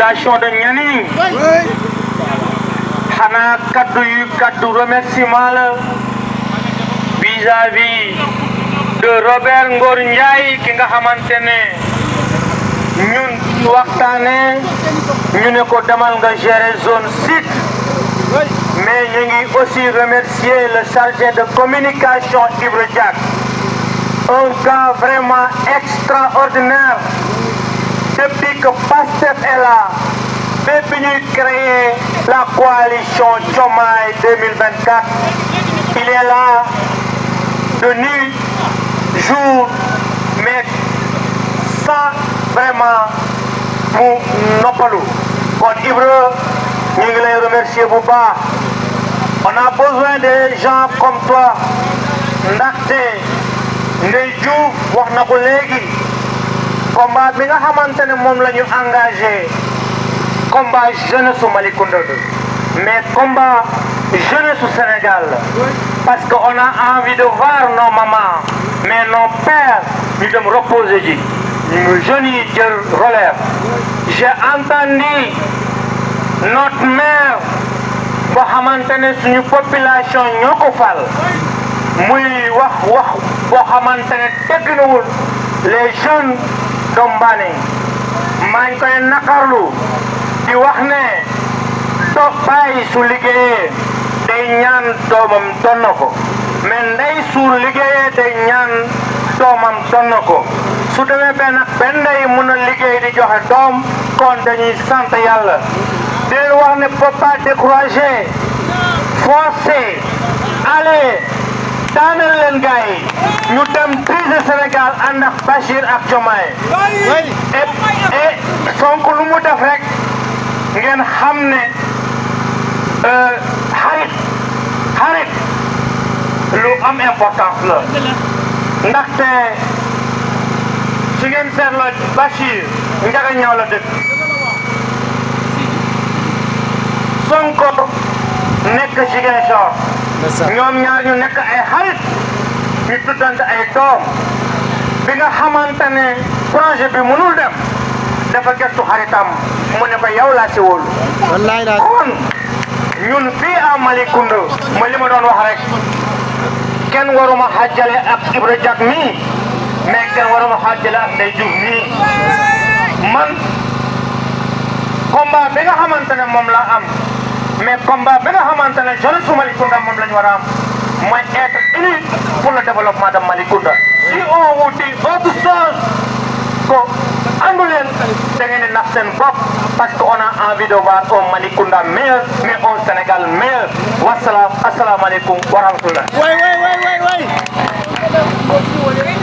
population de Nianing xanaa kaddu yu kaddu remerciement la vis-à-vis de Robert Ngor Ndiaye ki nga xamante ne ñun waxtaanee ñu ne ko demal nga gérer zone sud mais ñu ngi aussi remercier le charge de communication Ibra Diack un gars vraiment extraordinaire depuis que PASTEF là mais bi créer la coalition Diomaye 2024 il est là de nuit jour mais sans vraiment mu noppalu kon Ibra ñu ngi remercier bu baax on a besoin de gens comme toi ndaxte Ndeye Diouf wax na ko léegi combat bi nga xamante ne moom la ñu engagé combat su Malicounda bi mais combat jeunesse su Sénégal parce que on a envie de voir nos mamans mais nos pères ñu dem reposer ji ñu jeunes yi jël relève j'ai entendu notre maire boo xamante ne suñu population ñoo ko fal muy wax wax boo xamante ne tegginawul les jeunes Dombane maa ngi koy naqarlu di wax ne soo bàyyi su liggéeyee day ñaan doomam doon na ko mais ndey su liggéeyee day ñaan doomam doon na ko su demee benn benn ndey mun a liggéey di joxe doom kon dañuy sant yàlla di wax ne faut pas décourager forcer daaneel leen gars yi ñu dem tiise Sénégal ànd ak Bachir ak Diomaye et Sonko lu mu def rek ngeen xam ne euh, xarit lu am importance la ndaxte su ngeen seetloo Bachir njaga ñaaw la dëkk Sonko nekk Ziguinchor ñoom ñaar ñu nekk ay xarit ñu tuddante ay doom bi nga xamante ne projet bi mënul dem dafa gëstu xaritam mu ne ko yow laa ci wóolu wallaay laa kon ñun fii à Malicounda ma li ma doon wax rek kenn waruma xaajale ak Ibra Diak mii mais kenn waruma xaajale ak Ndeye Diouf man combat bi nga xamante ne moom mais combat bi nga xamante ne jeunesse su Malicounda moom la mooy être unis pour le développement de Malicounda. si on vous dit autre chose ko andu leen da ngeen di nax seen bopp que on a envie de voir un Malicounda meilleur